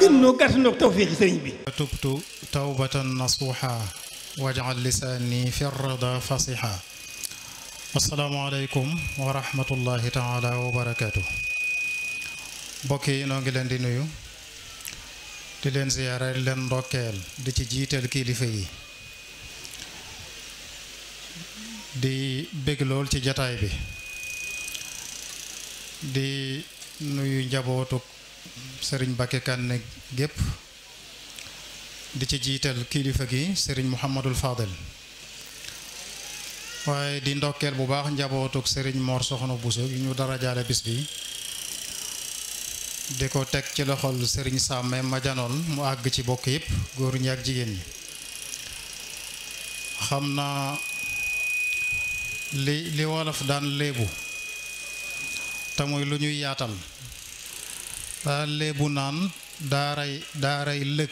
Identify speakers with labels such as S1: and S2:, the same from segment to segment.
S1: gën noo gàtt noo tawféexi tubtu tawbatan nasuha wajal lisaani fi rida fasiha assalaamu aleykum wa taala wa barakaatu mbokk leen di nuyu di leen ziyaara di leen ndokkeel di ci jiital kilifa yi di bég lool ci jataay bi di nuyu njabootuk sëriñ Bakke Kànne gépp di ci jiital kilifa gi sëriñ Mouhamadul Fadel waaye di ndokkeel bu baax njabootuk sëriñ Mor Soxna Bousso yi ñu dara jaale bis bi di ko teg ci loxol sëriñ Sàmme Majanoon mu àgg ci bokk yépp góor ñi jigéen ñi xam naa li li wolof daan léebu te muy lu ñuy yaatal daale bu naan daaray daaray lëg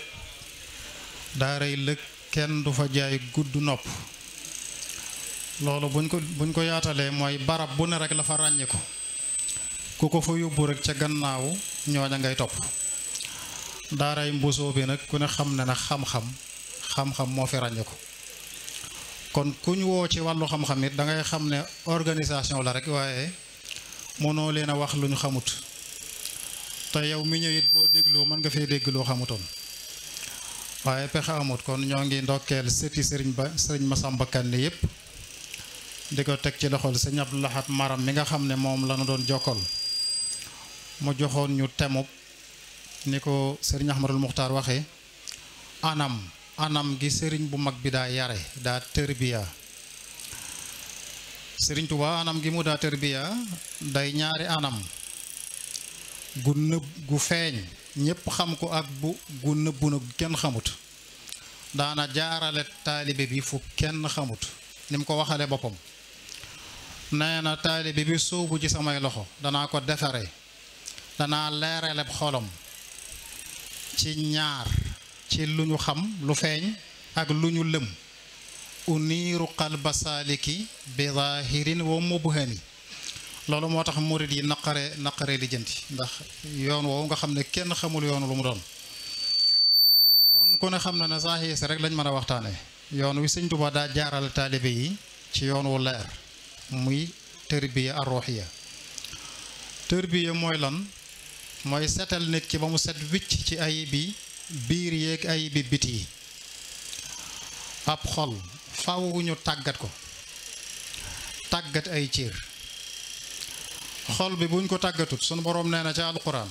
S1: daaray lëg kenn du fa jaay gudd nopp loolu buñ ko buñ ko yaatalee mooy barab bu ne rekk la fa ràññi ko ku ko fa yóbbu rek ca gannaaw ñooña ngay topp daaray mbusoo bi nag ku ne xam ne na xam-xam xam-xam moo fi ràññi ko kon kuñ woo ci wàllu xam-xam dangay xam ne organisation la rek waaye mënoo leen a wax lu ñu xamut te yow mi ñëw it boo dégloo mën nga fee déggloo xamutoon waaye pexe amut kon ñoo ngi ndokkeel sëti sëriñ ba sëriñ Masamba Kanni yépp di ko teg ci loxol sëñ Abdou Lahad Maram mi nga xam ne moom lanu doon jokkool mu joxoon ñu temub ni ko sëriñ Ahmadul Muxtaar waxee anam anam gi sëriñ bu mag bi daa yare daa tërbiya sëriñ Tuubaa anam gi mu daa tërbiya day ñaari anam gu nëb gu feeñ ñépp xam ko ak bu gu nëbbu nag kenn xamut daana jaarale taalibe bi fu kenn xamut ni mu ko waxale boppam nee na taalibe bi sóobu ci samay loxo danaa ko defaree danaa leeraleb xolom ci ñaar ci lu ñu xam lu feeñ ak lu ñu lëm uniiru qalba saaliki bi zaahirin wa mubhami loolu moo tax murit yi naqare naqare lijjanti ndax yoon woowu nga xam ne kenn xamul yoonu lu mu doon kon ku ne xam na ne saa xiis rek lañ mën a waxtaane yoon wi sëñ Tuubaa daa jaaral taalibe yi ci yoon wu leer muy tërbiya arruhiya tërbiya mooy lan mooy setal nit ki ba mu set wicc ci ayibi biir yeeg ayibi biti yi ab xol faw tàggat ko tàggat ay ciir xol bi buñ ko tàggatut suñ boroom nee na ca alquran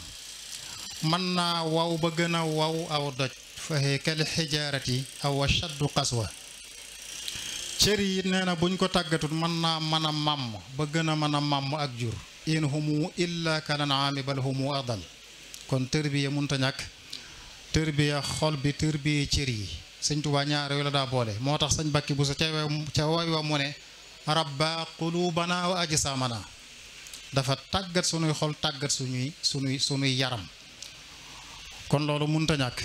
S1: mën naa waw ba gën a waw aw doj fa hiya kal xijaarati aw ashaddu qaswa cër yi nee na buñ ko tàggatut mën naa mën a màmm ba gën a mën a màmm ak jur in humu illa kal an'aami bal humu adal kon tërbiya munta ñàkk tërbiya xol bi tërbiya cër yi sëñ Tuubaa ñaar yooyu la daa boole moo tax sañ Bakki bu sa ca way wa mu ne rabbaa quluubanaa wa ajsaamanaa dafa tàggat sunuy xol tàggat suñuy sunuy sunuy yaram kon loolu munta ñàkk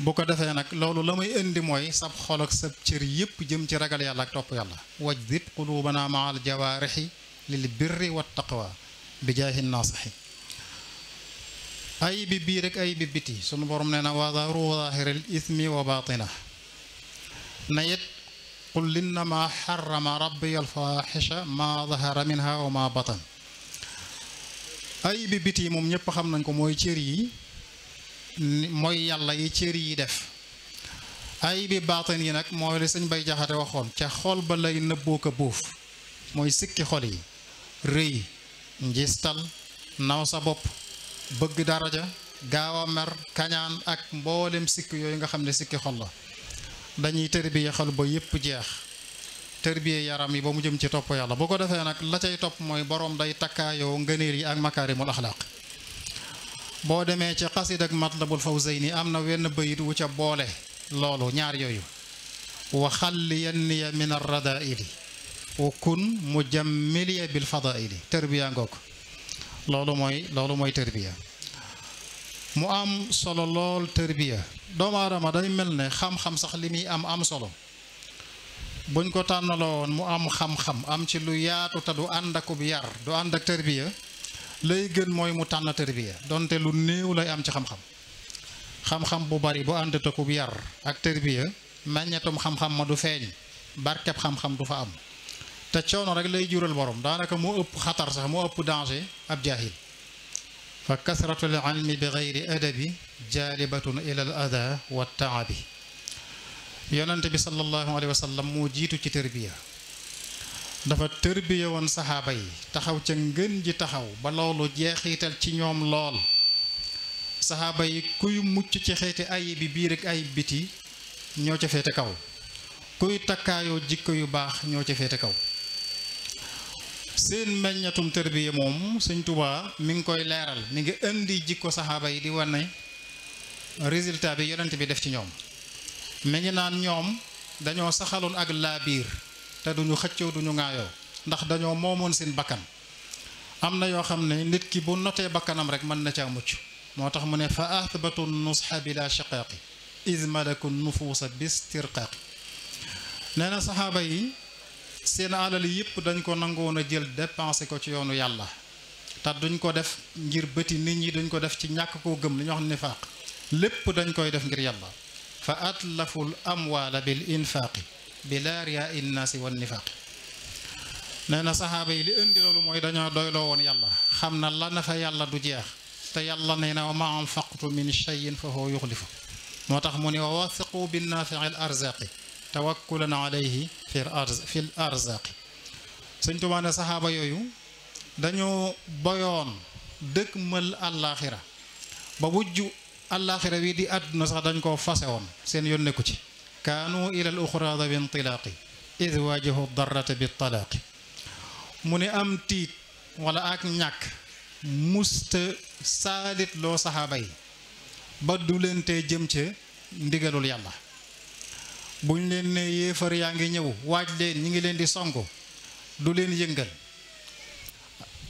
S1: bu ko defee nag loolu la muy indi mooy sab xol ak sab cër yépp jëm ci ragal yàlla ak topp yàlla wajdib quluubana ma al jawaarixi lil birri wa taqwa bi jaahi naasixi ay bi bii rek biti sunu borom ne na wa daru zaahiril ismi wa baatina na it qul innama xarama rabbi alfaxisha ma dahara minha wa ma batan ayibi biti moom ñëpp xam nañ ko mooy cër yi mooy yàlla yi cër yi def ayibi baatin yi nag mooy li sëñ bay jaxate waxoon ca xol ba lay nëbboo ko buuf mooy sikki xol yi rëy njistal naw sa bopp bëgg daraja gaaw a mer kañaan ak mboolem sikk yooyu nga xam ne sikki xol la dañuy tër bi xol ba yépp jeex tërbiyee yaram yi ba mu jëm ci topp yàlla boo ko defee nag la cay topp mooy borom day takkaayoo ngëneer yi ak makaarimul axlaaq boo demee ci xasid ak matlabul fawzayni am na wenn bayit wu ca boole loolu ñaar yooyu wa xalliyanniya min arradaili wa kun mujammiliya bil fadaili tërbiya ngoog loolu mooy loolu mooy tërbiya mu am solo lool tërbiya doomu aadama day mel ne xam-xam sax li muy am am solo buñ ko tànnaloo woon mu am xam-xam am ci lu yaatu te du ànd akub yar du ànd ak tërbiya lay gën mooy mu tànn tërbiya donte lu néew lay am ci xam-xam xam-xam bu bari bu ànd takub yar ak tërbiya meññetum xam-xam ma du feeñ barkeb xam-xam du fa am te coono rek lay jural borom daanaka moo ëpp xatar sax moo ëpp danger ab jaahil fa kasratul bi gayri adabi jaalibatun ila al ada wa taabi yonent bi sallallahu alayhi wa sallam moo jiitu ci tërbiya dafa tërbiya woon saxaaba yi taxaw ca ngën ji taxaw ba loolu jeexiital ci ñoom lool saxaaba yi kuy mucc ci xeeti ayib bi biir ak ayib biti ñoo ca feete kaw kuy takkaayoo jikko yu baax ñoo ca feete kaw seen meññatum tërbiya moom sëñ Tuubaa mi ngi koy leeral mi ngi indi jikko saxaaba yi di wane résultat bi yonent bi def ci ñoom mi ngi naan ñoom dañoo saxaloon ak laabiir te duñu xëccoo duñu ŋaayoo ndax dañoo moomoon seen bakkan am na yoo xam ne nit ki bu notee bakkanam rek mën na caa mucc moo tax mu ne fa athbatu nusxa bila shiqaaqi iz malaku nufuusa bistirqaaqi nee na saxaaba yi seen alal yëpp dañ ko nangoon a jël dépensé ko ci yoonu yàlla te duñ ko def ngir bëti nit ñi duñ ko def ci ñàkk koo gëm li ñu wax nifaaq lépp dañ koy def ngir yàlla fa atlafu l amwaala bil infaaqi bila riyaa innaasi wan nifaaqi nee na saxaaba yi li indi loolu mooy dañoo doyloo woon yàlla xam na la na fa yàlla du jeex te yàlla nee na wa ma anfaqtu min cheyin fa huwa yuxlifu moo tax mu ne wa wathiqu binnaafici l arzaqi tawakkulan alayhi fi l arzaqi sëñ Tuubaa saxaaba yooyu dañoo boyoon dëkk mël ba wujju allaaxira wi di àdduna sax dañ koo fase woon seen yoon nekku ci kaanu ilal uxraada bi intilaaqi id waajahu darrata bi talaaqi mu ne am tiit wala ak ñàkk musta saalit loo saxaaba yi ba du leen tee jëm ca ndigalul yàlla buñ leen ne yéefar yaa ngi ñëw waaj leen ñi ngi leen di song du leen yëngal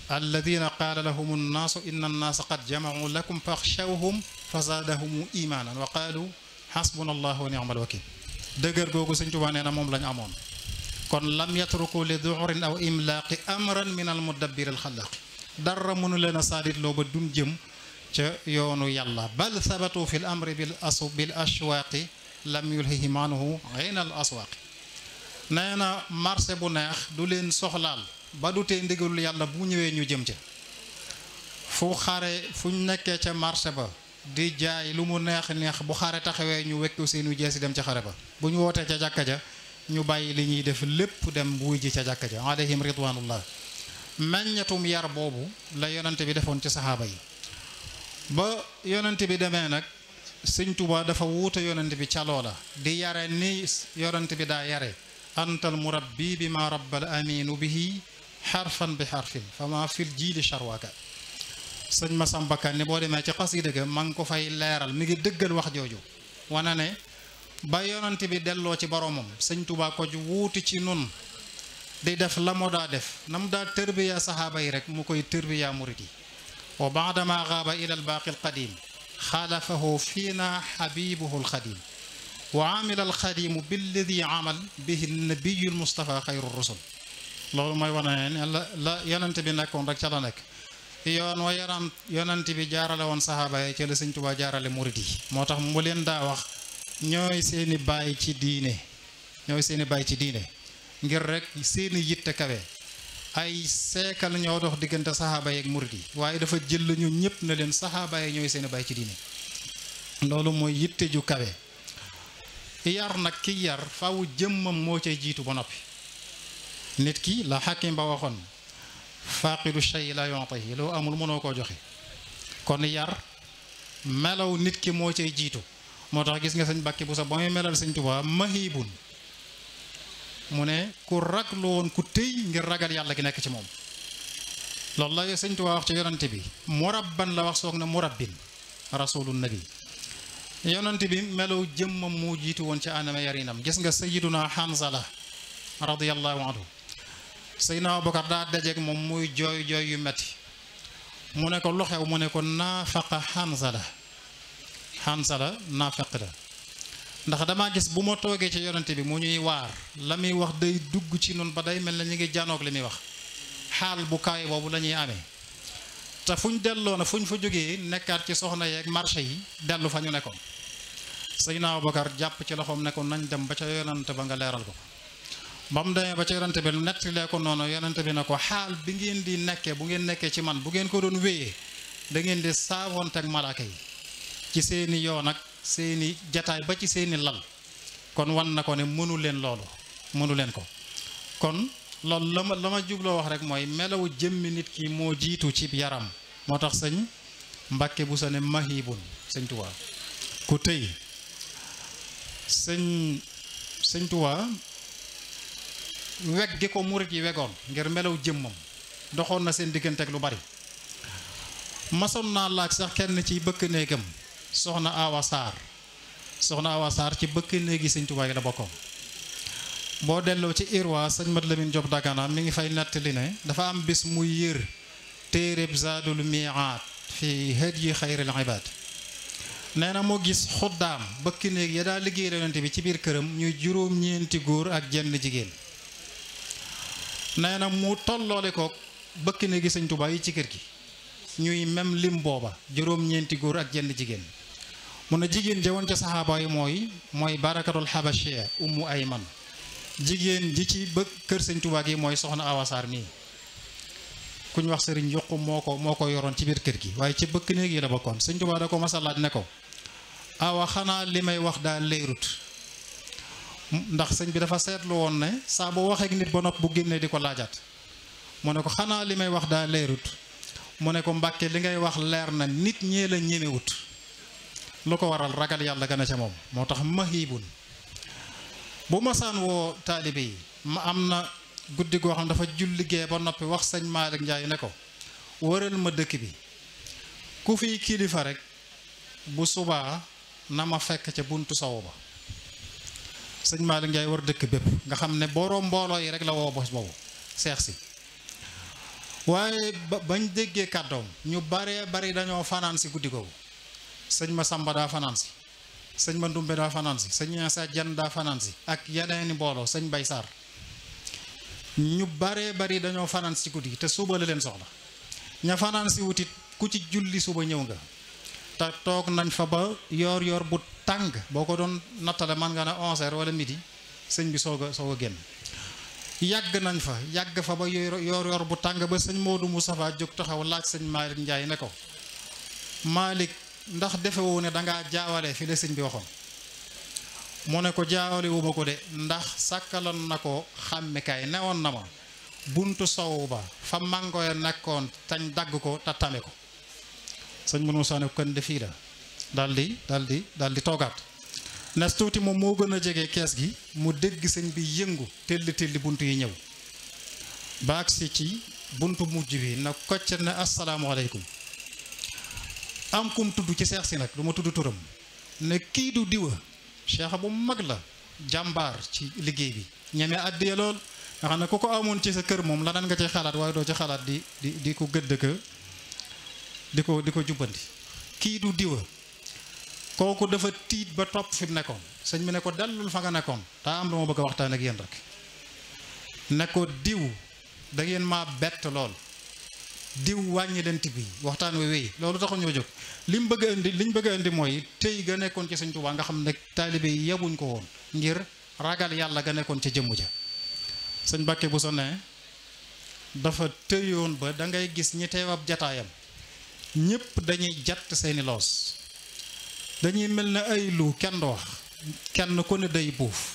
S1: alladina qaala lahum nnaasu inna annaasa qad jamacu lakum faxshawhum fa zaadahumu imaanan wa qaalu xasbuna allah wa niamal moom lañ amoon kon lam yatruku li duxurin aw jëm ca yoonu yàlla bal sabatu fi l amri bil asu bil ashwaaqi lam ayna al aswaaqi nee bu neex du leen soxlaal ba du tee ndigalul yàlla bu ñëwee ñu jëm ca fu xare fuñ nekkee ca marché ba di jaay lu mu neex neex bu xare taxawee ñu wekku seenu jees dem ca xare ba bu ñu wootee ca jàkka ja ñu bàyyi li ñuy def lépp dem bu ji ca jàkka ja alayhim ridwanullah meññatum yar boobu la yonante bi defoon ci saxaaba yi ba yonante bi demee nag sëñ Tuba dafa wuute yonante bi ca loola di yare ni yonante bi daa yare antal murabbi bi ma rabbal aminu bihi xarfan bi xarfin fama fil jiili charwaaka sëñ Masamba Kanni boo demee ci xasida ga ma ngi ko fay leeral mi ngi dëggal wax jooju wana ne ba yonent bi delloo ci boroomam sëñ Tuubaa ko wuuti ci nun di def la mu daa def na mu daa tërbiya saxaaba yi rek mu koy tërbiya murit yi wa baadama gaaba ila albaaqi alqadim xaalafahu fiina xabibuhu alxadim wa amila alxadimu billadi amal bihi nabiyu almustafa xayru rusul loolu mooy ne la yonent bi nekkoon rek ca la yoon wa yaram yonant bi jaarale woon saxaaba yi ci la sëñ Tuubaa jaarale murit yi moo tax mu leen daa wax ñooy seeni baay ci diine ñooy seeni baay ci diine ngir rek seeni yitte kawe ay seekal ñoo dox diggante saxaaba yi ak murit yi waaye dafa jël ñu ñëpp na leen saxaaba yi ñooy seeni baay ci diine loolu mooy yitte ju kawe yar nag ki yar fawu jëmmam moo cay jiitu ba noppi nit ki la xakim ba faaqidu shay la yontahi loo mënoo koo joxe kon yar nit ki moo cay jiitu moo tax gis nga sëñ Bàkki sa ba muy melal sëñ Tuubaa mahibun mu ne ku raglu woon ku ragal yàlla gi nekk ci moom loolu la sëñ Tuubaa wax ci yonante bi murabban la wax soog na murabbin rasulun nabi yonante bi melaw jëmmam moo jiitu woon ci anama yarinam gis nga sayyiduna Hanzala radiyallahu anhu Seydina Abubakar daa dajeeg moom muy jooy jooy yu metti mu ne ko lu xew mu ne ko naafaqa Hanzala Hanzala naafaq la ndax damaa gis bu ma toogee ci yonante bi mu ñuy waar la muy wax day dugg ci noonu ba day mel na ñu ngi janoog li muy wax xaal bu kaay boobu la ñuy amee te fu ñu delloo na fu ñu fa jógee nekkaat ci soxna yeeg marché yi dellu fa ñu nekkoon Seydina Abubakar jàpp ci loxoom ne ko nañ dem ba ca yonante ba nga leeral ko ba mu demee ba ci yonante bi nettalee ko noonu yonante bi ne ko xaal bi ngeen di nekkee bu ngeen nekkee ci man bu ngeen ko doon wéyee da ngeen di saavoonte ak malaaka yi ci seeni yoon ak seeni jataay ba ci seeni lal kon wan na ko ne mënu leen loolu mënu leen ko kon lool la ma la jubloo wax rek mooy melawu jëmmi nit ki moo jiitu ci yaram moo tax sëñ Mbàkke bu sa ne mahibun sëñ ku tëy sëñ sëñ weg gi ko murit yi wegoon ngir melaw jëmmam doxoon na seen diggante ak lu bari masoon naa laaj sax kenn ci bëkk néegam soxna Awa Sarr soxna Awa ci bëkk néegi sëñ Tuubaa yi la bokkoon boo delloo ci irwa sëñ Mat Lamin Job Dagana mi ngi fay nettali ne dafa am bis muy yër téereb Zaadul Miiaat fi hadyi xayril ibaad nee na moo gis xuddaam bëkk néeg ya daa liggéey yonent bi ci biir këram ñuy juróom-ñeenti góor ak jenn jigéen nee na mu tolloole ko bëkk ne gi sëñ Tuubaa yi ci kër gi ñuy même lim booba juróom-ñeenti góor ak jenn jigéen mu ne jigéen ja woon ca saxaaba yi mooy mooy barakatul xabashiya ay man jigéen ji ci bëgg kër sañ Tuubaa gi mooy soxna awasaar mii kuñ wax sëriñ yuqu moo ko moo ko yoroon ci biir kër gi waaye ci bëkk néeg yi la bokkoon sëñ Tuubaa da ko masalaat ne ko awa xanaa li may wax daal leerut ndax sëñ bi dafa seetlu woon ne saa boo waxee ak nit ba nopp bu génnee di ko laajaat mu ne ko xanaa li may wax daa leerut mu ne ko mbàkke li ngay wax leer na nit ñee la ñemewut lu ko waral ragal yàlla gën a ca moom moo tax mahibun bu masaan woo taalibe yi ma am na guddi goo xam dafa liggéey ba noppi wax sëñ Malick Ndiaye ne ko wëral ma dëkk bi ku fiy kilifa rek bu subaa na ma fekk ca buntu sow ba sëñ Malick Ndiaye war dëkk bépp nga xam ne booroom mbooloo yi rek la woo bos boobu seex si waaye bañ déggee kàddoom ñu bare bari dañoo fanaan si guddi googu sëñ ma Samba daa fanaan si sëñ ma Ndumbe daa fanaan si sëñ Ñaasa Jan daa fanaan si ak yeneeni mbooloo sëñ Bay Sarr ñu baree bari dañoo fanaan si guddi te suba la leen soxla ña fanaan si wutit ku ci julli suba ñëw nga te toog nañ fa ba yoor yoor bu tàng boo ko doon nattale man nga ne onze heures wala sëñ bi soog a soog a génn yàgg nañ fa yàgg fa ba yoor yoor bu tàng ba sëñ Modou Moustapha jóg taxaw laaj sëñ Malick Ndiaye ne ko Malick ndax defewu ne dangaa jaawale fi la sëñ bi waxoon mu ne ko jaawale ko de ndax sàkkaloon na ko xàmmikaay newoon na ma buntu sow ba fa mangoya nekkoon tañ dagg ko te tame ko sëñ Manoune Sané ko de fii la daal di toogaat nas tuuti moom moo gën a jege kees gi mu dégg sëñ bi yëngu telli telli bunt yi ñëw baag si ci buntu mujj bi na kocc na asalaamaaleykum am kum tudd ci seex si nag du ma tudd turam ne kii du diwa seex bu mag la jàmbaar ci liggéey bi ñeme àddiya lool nga xam ne ku ko amoon ci sa kër moom lanaan nga ci xalaat waaye doo ci xalaat di di di ko gëdd di ko di ko jubbandi kii du diwa kooku dafa tiit ba topp fi mu nekkoon sëñ bi ne ko dallul fa nga nekkoon daa am lu ma bëgg a waxtaan ak yenn rek ne ko diw da ma maa bett lool diw wàññi leen tib yi waxtaan wi wéy loolu taxul ñoo jóg li bëgg a indi li bëgg a indi mooy tey ga nekkoon ci sëñ Tuubaa nga xam ne taalibe yi yebuñ ko woon ngir ragal yàlla ga nekkoon ca jëmm ja sëñ Bakke bu so ne dafa tëyoon ba dangay gis ñi teew ab jataayam ñépp dañuy jatt seeni loos dañuy mel ne ay lu kenn wax kenn ku ne day buuf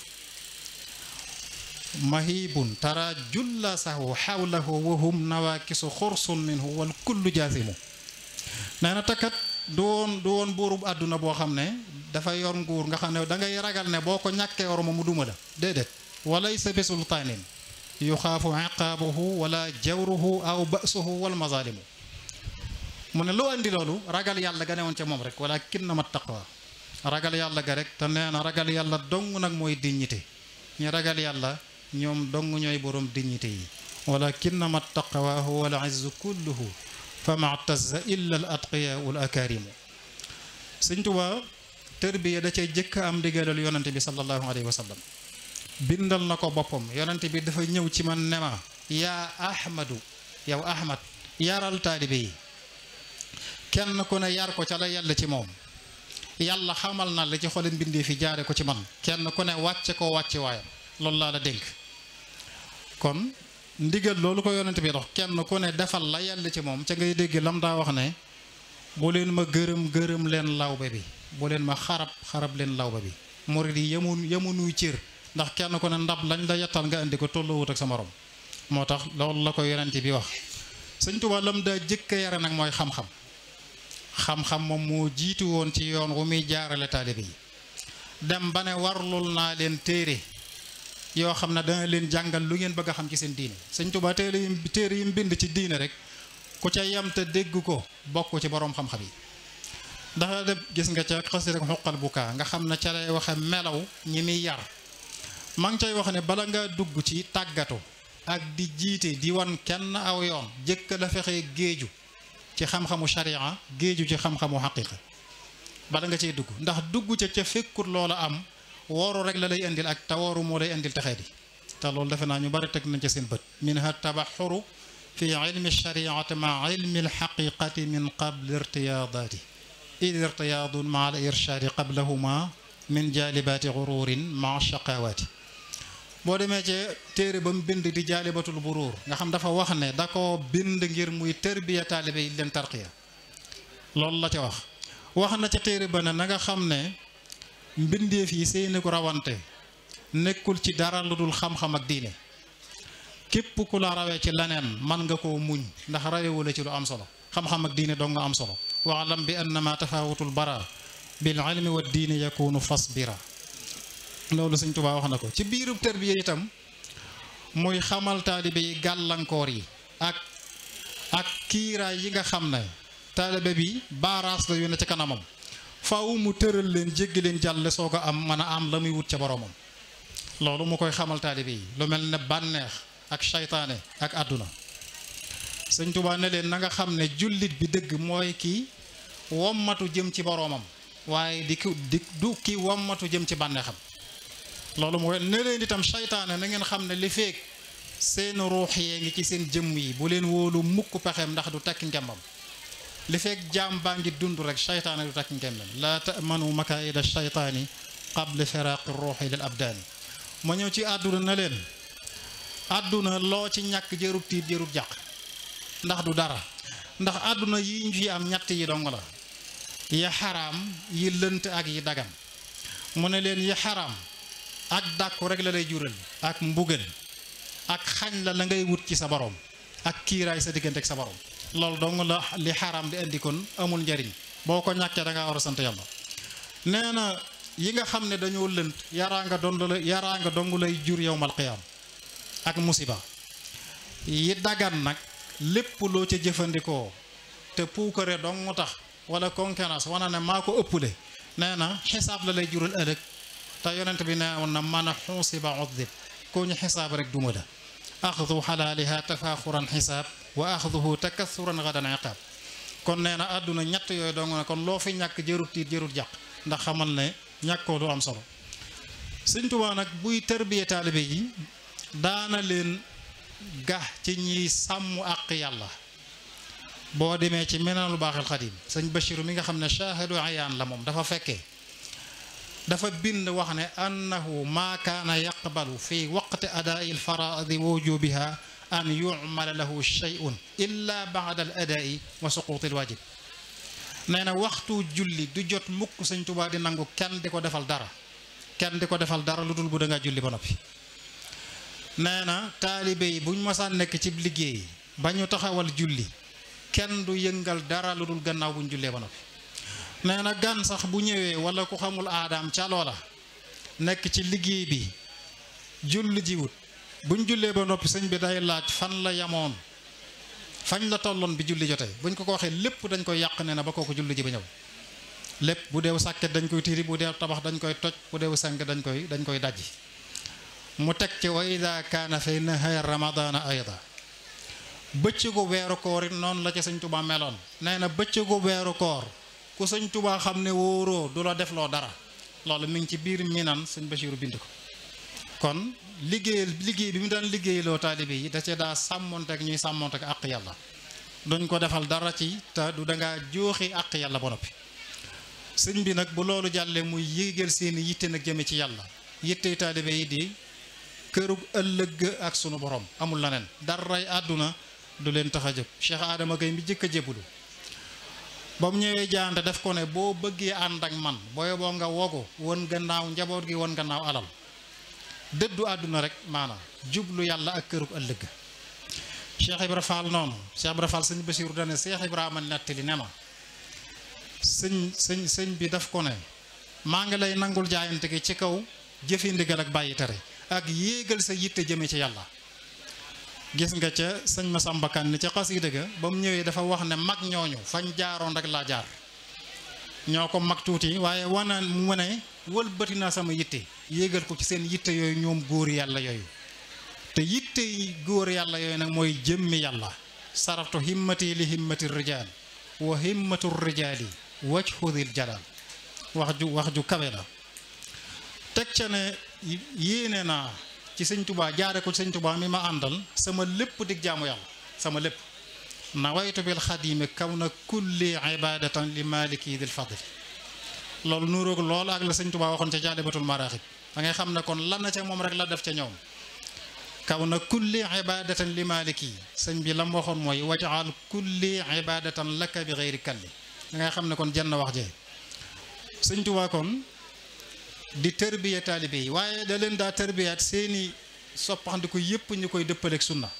S1: mahibun tara julla sahu xawlahu wahum nawakisu xursun minhu wal kullu jaasimu nee na takkat du woon du woon buurub àdduna boo xam ne dafa yor nguur nga xam ne dangay ragal ne boo ko ñàkkee orma mu duma la déedéet walaysa bi sultaanin yuxaafu iqaabuhu wala jawruhu aw basuhu wal mazaalimu mu ne loo andi loolu ragal yàlla ga woon ca moom rek wala kin na ma taqwa ragal yàlla ga rek te nee na ragal yàlla dong nag mooy dignité ñu ragal yàlla ñoom dong ñooy borom dignité yi wala kin na ma taqwa huwa al izzu kulluhu fa ma tazza illa al atqiya wal akarimu sëñ Tuubaa tërbiya da cay jëkk am ndigalal yonante bi sallallahu alayhi wa sallam bindal na ko boppam yonante bi dafa ñëw ci man ne ma yaa ahmadu yow ahmad yaral taalibe yi kenn ko ne yar ko ca la yàlla ci moom yàlla xamal na la ci xole mbindee fi jaare ko ci man kenn ko ne wàcce ko wàcce waayam loolu laa la dénk kon ndigal loolu ko yonent bi dox kenn ko ne defal la yàlla ci moom ca ngay dégg lam daa wax ne boo leen ma gërëm gërëm leen lawbe bi boo leen ma xarab xarab leen lawbe bi murid yi yamu yamunuy cër ndax kenn ku ne ndab lañ la yettal nga indi ko tolloowut ak sa morom moo tax loolu la ko yonent bi wax sëñ Tuubaa lam jëkk yare nag mooy xam xam-xam moom moo jiitu woon ci yoon wu muy jaarale taalibe yi dem ba ne warlul naa leen téere yoo xam ne dana leen jàngal lu ngeen bëgg a xam ci seen diine sëñ Tuubaa téere yi téere yi mbind ci diine rek ku ca yam te dégg ko bokk ci boroom xam-xam yi dafa def gis nga ca xas rek xuqal bu nga xam na ca lay waxe melaw ñi muy yar ma ngi cay wax ne bala nga dugg ci tàggatu ak di jiite di wan kenn aw yoon jëkk la fexe géeju ci xam-xamu sharia géeju ci xam-xamu xaqiqa bala nga cee dugg ndax dugg ca ca fekkut loola am wooru rek la lay indil ak te wooru moo lay indil texee di te loolu defe naa ñu bari teg nañ ca seen bët minha tabaxuru fi ilmi shariati ma ilmi alxaqiqati min qabl irtiyaadaati id irtiyaadun ma al irshadi qablahuma min jalibaati gururin ma shaqawaati boo demee ca téere ba mu bind di jaalibatul buruur nga xam dafa wax ne da ko bind ngir muy tërbiya taalibe yi leen tarqiya loolu la ca wax wax na ca téere ba ne nanga xam ne mbindeef yi seeni ko rawante nekkul ci dara lu dul xam-xam ak diine képp ku la rawee ci leneen man nga ko muñ ndax rawewu la ci lu am solo xam-xam ak diine dong nga am solo waalam bi annama tafawutul bara bil ilmi diine yakunu fasbira loolu sëñ Tuubaa wax na ko ci biirub tarbiya itam muy xamal taalibe yi gàllankoor yi ak ak kiiraay yi nga xam ne taalibe bi baaraas la yu ne ci kanamam faaw mu tëral leen jéggi leen jàlle soo ko am mën a am la muy wut ca boromam loolu mu koy xamal taalibe yi lu mel ne bànneex ak saytaane ak àdduna sëñ Tuubaa ne na nga xam ne jullit bi dëgg mooy kii wommatu jëm ci boromam waaye di ki di du ki wommatu jëm ci bànneexam loolu moo ne leen itam saytaane na ngeen xam ne li feek seen ruux yee ngi ci seen jëmm yi bu leen wóolu mukk pexeem ndax du takk ngembam li feek jaam baa ngi dund rek saytaane du takk ngembam laa tamanu makaayida saytaani qabla firaaqi ruuxi lil abdaani ma ñëw ci àdduna na leen àdduna loo ci ñàkk jërub tiit jërub jàq ndax du dara ndax àdduna yi ñu fi am ñett yi dong la yi xaraam yi lënt ak yi dagan mu ne leen yi xaraam ak dàkku rek la lay jural ak mbugal ak xañ la la ngay wut ci sa borom ak kiiraay sa diggante ak sa borom loolu dong la li xaram di indi kon amul njariñ boo ko ñàkkee da ngaa war a sant yàlla nee yi nga xam ne dañoo lënt yaraa nga doon la yaraa dong lay jur yowmal qiyaam ak musiba yi dagan nag lépp loo ca jëfandikoo te puukare dong tax wala concurrence wana ne maa ko ëppule nee na xisaab la lay jural ëllëg te yonent bi ne woon na man a xuusiba udib koo ñu xisaab rek duma la axdu xalaaliha tafaaxuran xisaab wa axduhu takasuran gadan iqaab kon nee na àdduna ñett yooyu dong na kon loo fi ñàkk jërut tiit jërut jàq ndax xamal ne ñàkkoo lu am solo Sëñ Tuubaa nag buy tërbiye taalibe yi daana leen gax ci ñiy sàmm àq yàlla boo demee ci meneen lu baaxil xadim sëñ Bachiru mi nga xam ne shahadu ayaan la moom dafa fekkee dafa bind wax ne annahu maa kaana yaqbalu fi waqti adaa'i alfaraa'idi wa wujubiha an yu'mala lahu shay'un illa ba'da al adaa'i wa suquuti alwaajib nee na waxtu julli du jot mukk Sëñ Tuubaa di nangu kenn di ko defal dara kenn di ko defal dara lu dul bu dangaa julli ba noppi nee na taalibe yi buñ mosaan nekk cib liggéey ba ñu taxawal julli kenn du yëngal dara lu dul gannaaw buñ jullee ba noppi nee na gan sax bu ñëwee wala ku xamul aadaam ca la nekk ci liggéey bi julli jiwut buñ jullee ba noppi sëñ bi day laaj fan la yamoon fañ la tolloon bi julli jotee buñ ko ko waxee lépp dañ koy yàq nee na ba kooku julli ji ba ñëw lépp bu deew sàkket dañ koy tiiri bu deew tabax dañ koy toj bu deew sang dañ koy dañ koy dajji mu teg ci wa ida kaana fi nahaya ramadana ayda bëccëgu weeru koor noonu la ca sëñ Tuubaa meloon nee na bëccëgu weeru koor ku sëñ tubaa xam ne wóoroo du la def loo dara loolu mi ngi ci biir minan sëñ Bachiru bind ko kon liggéey liggéey bi mu daan liggéeyloo taalibe yi da cee daa sàmmonteeg ñuy sàmmonteeg àq yàlla duñ ko defal dara ci te du dangaa jooxi àq yàlla ba noppi sëñ bi nag bu loolu jàllee muy yéegal seeni yitte nag jëme ci yàlla yittey taalibe yi di kërug ëllëg ak sunu borom amul leneen daray àdduna du leen tax a jóg Cheikh aadama Gaye mi jëkk a jébbalu ba mu ñëwee jaante def ko ne boo bëggee ànd ak man booy boo nga wogu won gannaaw njaboot gi won gannaaw alal dëddu àdduna rek maanaam jublu yàlla ak kërug ëllëg Cheikh Ibra Fall noonu Cheikh Ibra Fall sëñ Basiiru dane Cheikh Ibrahima nettali ne ma sëñ sëñ sëñ bi daf ko ne maa ngi lay nangul jaayante gi ci kaw jëfi ndigal ak bàyyi tere ak yéegal sa yitte jëme ci yàlla gis nga ca sëñ Masamba Kanni ca xasida ga ba mu ñëwee dafa wax ne mag ñooñu fañ jaaroo rek laa jaar ñoo ko mag tuuti waaye wana mu ne wëlbati naa sama yitte yéegal ko ci seen yitte yooyu ñoom góor yàlla yooyu te yitte yi góor yàlla yooyu nag mooy jëmmi yàlla saraftu himmati li himmati rijaal wa himmatu rijaali wajhu dil jalaal wax ju wax ju kawe la teg ca ne yéene naa ci sëñ tubaa jaare ko sëñ tubaa mi ma àndal sama lépp dig jaamu yàlla sama lépp nawaytu bil xadimi kaw na kulli ibadatan li maliki dil fadl loolu nuuroog loolu ak la sëñ tubaa waxoon ca jaalibatul maraaxib da ngay xam ne kon lan na ca moom rek la def ca ñoom kaw na kulli ibadatan li maliki sëñ bi lam waxoon mooy wajaal kulli ibadatan laka bi xeyri kalli da ngay xam ne kon jenn wax jee sëñ tubaa kon di tërbiya taalibe yi waaye da leen daa tërbiyaat seeni soppandiku yépp ñu koy dëppaleeg sunna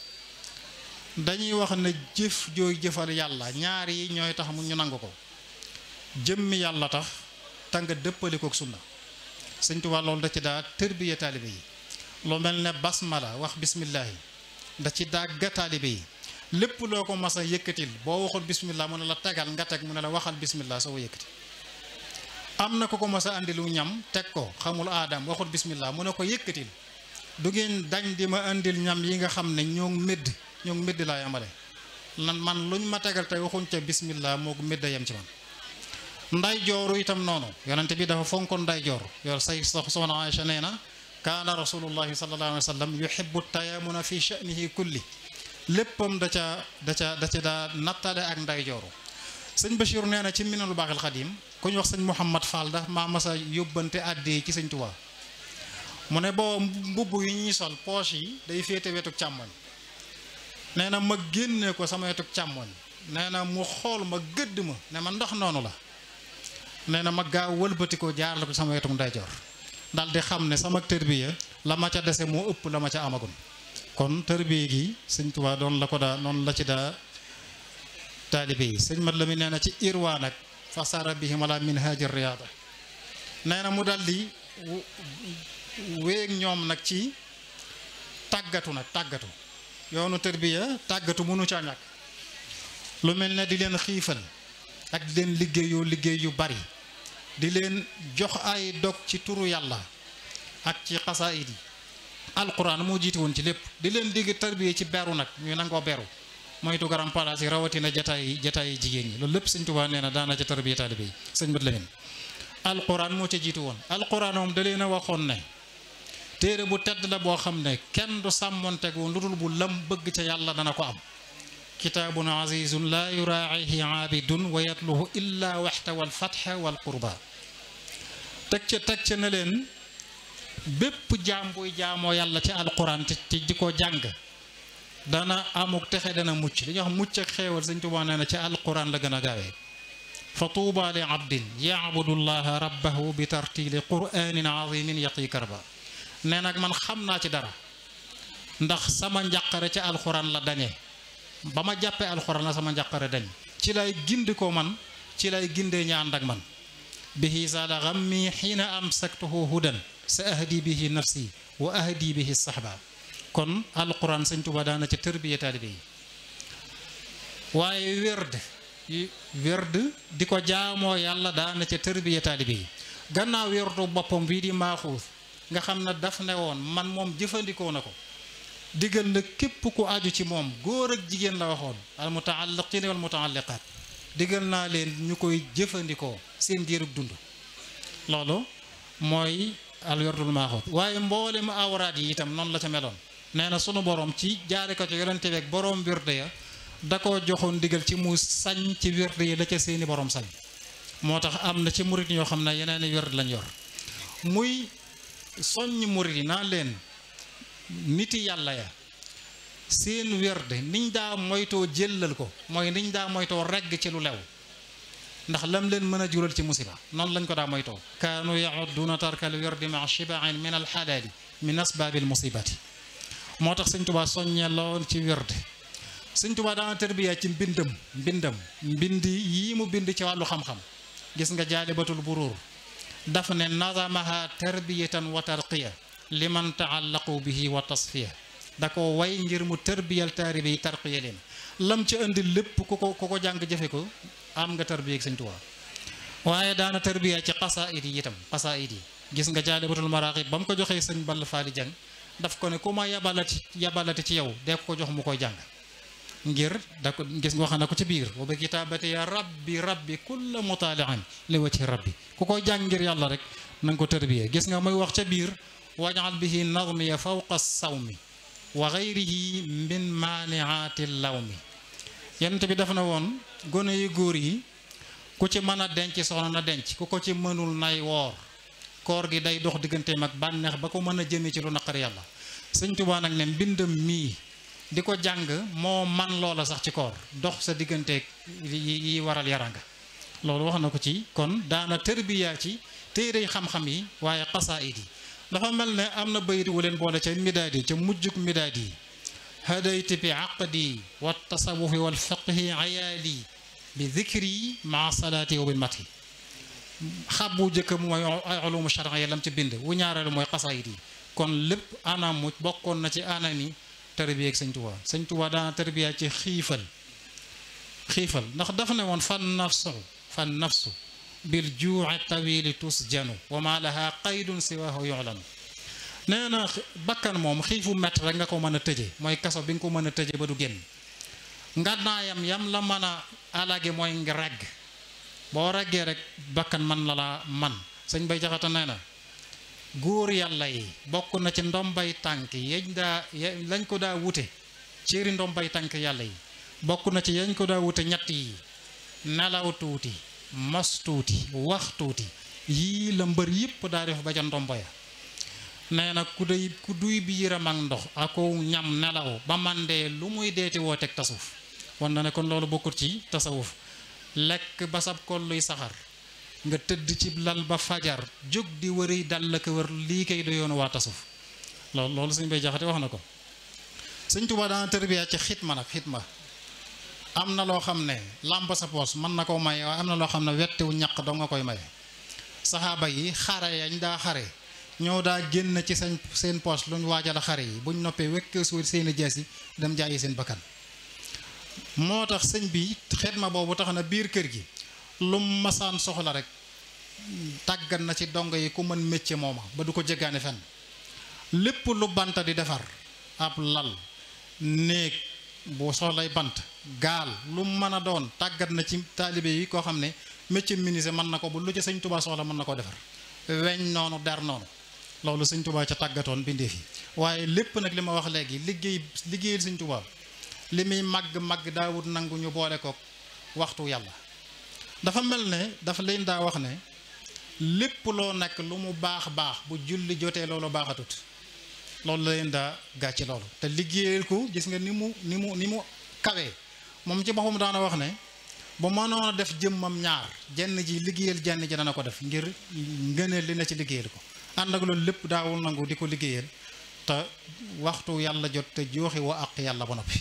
S1: dañuy wax ne jëf jooy jëfal yàlla ñaar yi ñooy tax mu ñu nangu ko jëmmi yàlla tax te nga dëppale koog sunna Sëñ Tuubaa loolu da ci daa tërbiya taalibe yi lu mel ne basmala wax bismillaahi da ci dàgga taalibe yi lépp loo ko mas a yëkkatil boo waxul bismillah mu ne la tegal nga teg mu ne la waxal bismillah soo yëkkati am na ko ko ma a andi lu ñam teg ko xamul aadam waxul bismillah mu ne ko yëkkatil du ngeen dañ di ma indil ñam yi nga xam ne ñoo ngi médd ñoo ngi médd laay amale nan man luñ ma tegal tey waxuñ ca bismillah moo médd a yem ci man nday jooru itam noonu yonente bi dafa fonkoon nday joor yor say soxna Aïcha nee na kaana rasulullahi sallallahu alayhi wa sallam yuhibbu tayamuna fi sha'nihi kulli léppam da ca da ca da ca daa ak nday jooru sëñ Bachir nee na ci minanul baaxil xadim ku ñu wax sëñ Mouhamad Fall dafa maa mas a yóbbante àddee ci sëñ Tuubaa mu ne boo mbubb yi ñuy sol poche yi day féete wetu càmmoñ nee na ma génne ko sama wetu càmmoñ nee na mu xool ma gëdd ma ne ma ndox noonu la nee na ma gaaw wëlbati ko jaar la ko sama wetu ndeyjoor daal di xam ne sama tërbiya la ma ca dese moo ëpp la ma ca amagun kon tërbiya gi sëñ Tuubaa doon la ko daa noonu la ci daa taalibe yi sëñ mat la mi nee ci irwaa nag fa bi bihim ala minhaji riyaada na mu dal di wéeg ñoom nag ci tàggatu nag tàggatu yoonu tërbiya tàggatu mënu ca ñàkk lu mel ne di leen xiifal ak di leen liggéeyoo liggéey yu bari di leen jox ay dog ci turu yàlla ak ci xasaayid yi alquran moo jiite woon ci lépp di leen digg tarbiya ci beru nag ñu nangoo beru mooy garam palaas yi rawatina jataay jataay jigéen ñi loolu lépp sëñ Tuubaa nee na daana ca tarbiya taalibe yi sëñ Mat Lamin alquran moo ca jiitu woon alquran moom da leen a waxoon ne téere bu tedd la boo xam ne kenn du sàmmonteeg woon lu dul bu lam bëgg ca yàlla dana ko am kitaabun azizun laa yuraaxihi aabidun wa yatluhu illa waxta walfatxa walqurba teg ca teg ca na leen bépp jaam buy jaamoo yàlla ci alquran te di ko jàng dana amuk texe dana mucc li ñuy wax mucc ak xéewal sëñ Tuubaa na ci alquran la gën a gaawee fa tuuba li abdin yaabudu llaha rabbahu bi tartili quranin azimin yaqi karba nee nag man xam naa ci dara ndax sama njàqare ci alxuraan la dañee ba ma jàppee alxuraan la sama njàqare dañ ci lay gindi ko man ci lay gindee ña ànd ak man bihi saala xammi xiina amsaktuhu hudan sa ahdi bihi nafsi wa ahdi bihi sahba kon alxuraan sëñ Tuubaa daana ca tërbiya taalibe yi waaye werd werd di ko jaamoo yàlla daana ca tërbiya taalibe yi gannaaw werdu boppam bii di maaxuus nga xam ne daf ne woon man moom jëfandikoo na ko diggal na képp ku aju ci moom góor ak jigéen la waxoon al mutaalliqiina wal mutaalliqaat diggal naa leen ñu koy jëfandikoo seen diirug dund loolu mooy al werdul maaxuus waaye mboolem awraat yi itam noonu la ca meloon nee na sunu boroom ci jaare ko ci yonente beeg borom wirde ya da koo joxoon digal ci mu sañ ci wirde yi la ca seeni borom sañ moo tax am na ci murit ñoo xam na yeneen i lañ yor muy soññ murit yi naa leen niti yàlla ya seen wird niñ daa moytoo jëllal ko mooy niñ daa moytoo regg ci lu lew ndax lam leen mën a jural ci musiba noonu lañ ko daa moytoo kaanu yaudduuna tarkal wirdi ma shiba'in min alxadaadi min asbaabi almusibati moo tax sëñ tubaa soññee lool ci wirde sëñ tubaa daana tërbiya ci mbindam mbindam mbindi yii mu bind ci wàllu xam-xam gis nga jaalibatul buruur dafa ne nazamaha tarbiyatan wa tarqiya liman taallaqu bihi wa tasfiya da ko way ngir mu tërbiyal taaribe yi tarqiya leen lam ci indi lépp ku ko ku ko jàng jëfe ko am nga tarbiya ak sëñ tubaa waaye daana tërbiya ci xasaayid yi itam xasaayid yi gis nga jaalibatul maraqib ba mu ko joxee sëñ Balla Faali Jang daf ko ne ku ma yabalati yabalati ci yow dee ko jox mu koy jàng ngir da ko gis nga wax na ko ci biir wa bi kitaabati ya rabbi rabbi kulla mutaalian li wajhi rabbi ku koy jàng ngir yàlla rek na ko tërbiyee gis nga muy wax ca biir wajal bihi nadmiya fawqa sawmi wa gayrihi min maaniaati lawmi yonent bi dafa na woon gone yu góor yi ku ci mën a denc soxna na denc ku ko ci mënul nay woor koor gi day dox digganteem ak bànneex ba ko mën a jëmee ci lu naqar yàlla sëñ Tuubaa nag ne mbindam mii di ko jàng moo man loola sax ci koor dox sa digganteeg yi waral yaranga loolu wax na ko ci kon daana tërbiyaa ci téere xam-xam yi waaye xasaayid yi dafa mel ne am na bayit wu leen boole ca midaadi ca mujjug midaadi hadaytu bi aqdi wa tasawufi wal fiqhi ayaali bi dikri maa salaati wa bil mati xab bu jëkk mooy ay ulumu shar'iyya lam ci bind wu ñaareelu mooy xasaayit yi kon lépp anam bokkoon na ci anam yi tarbiya ak sëñ Tuubaa sëñ Tuubaa daana tarbiya ci xiifal xiifal ndax dafa ne woon fan nafsu fan nafsu bil juu'i tawili tusjanu wa ma laha qaydun siwahu yu'lanu nee na bakkan moom xiifu mett rek nga ko mën a tëje mooy kaso bi nga ko mën a tëje ba du génn ngànnaayam yam la mën a alage mooy regg boo raggee rek bakkan man la man sañ bay jaxata nee na góor yàlla yi bokk na ci ndombay tànk yañ daa lañ ko daa wute céeri ndombay tànk yàlla yi bokk na ci yañ ko daa wute ñett yi nelaw tuuti mos tuuti wax tuuti yii la mbër yëpp daa def ba ca ndomba ya ku dey ku duy biiram ndox ako ñam nelaw ba man dee lu muy deeti woo teg tasawuf wan na ne kon loolu bokkut ci tasawuf lekk ba sab kolluy saxaar nga tëdd ci lal ba fajar jóg di wëri dal la ko wër lii kay do yoonu waa tasuf loolu loolu suñ bay jaxate wax na ko sëñ Tuubaa daana tërbiya ci xitma nag ma am na loo xam ne làmp sa poos mën na koo maye waaye am na loo xam ne wettewu ñaq doo nga koy maye saxaaba yi xare yañ daa xare ñoo daa génn ci seen seen poos luñ waajal xare yi buñ noppee wekkee suur seeni jaas yi dem jaayi seen bakkan moo tax sëñ bi ma boobu tax na biir kër gi lu masaan soxla rek tàggat na ci dongo yi ku mën métier mooma ba du ko jegaane fenn lépp lu banta di defar ab lal néeg bu soxlay bant gaal lu mën a doon tàggat na ci taalibe yi koo xam ne métier menuisier mën na ko bu lu ca sëñ Tuubaa soxla mën na koo defar weñ noonu der noonu loolu sëñ Tuubaa ca tàggatoon bindee fi waaye lépp nag li ma wax léegi liggéey liggéeyal sëñ Tuubaa li muy màgg-màgg daawut nangu ñu boole ko waxtu yàlla dafa mel ne dafa leen daa wax ne lépp loo nekk lu mu baax baax bu julli jotee loolu baaxatut loolu la leen daa gàcce loolu te liggéeyal ko gis nga ni mu ni mu ni mu kawee moom ci boppam daana wax ne ba mënoon a def jëmmam ñaar jenn ji liggéeyal jenn ji dana ko def ngir ngëneel li na ci liggéeyal ko ànd ak loolu lépp daawul nangu di ko liggéeyal te waxtu yàlla jot te jooxi wa àq yàlla ba noppi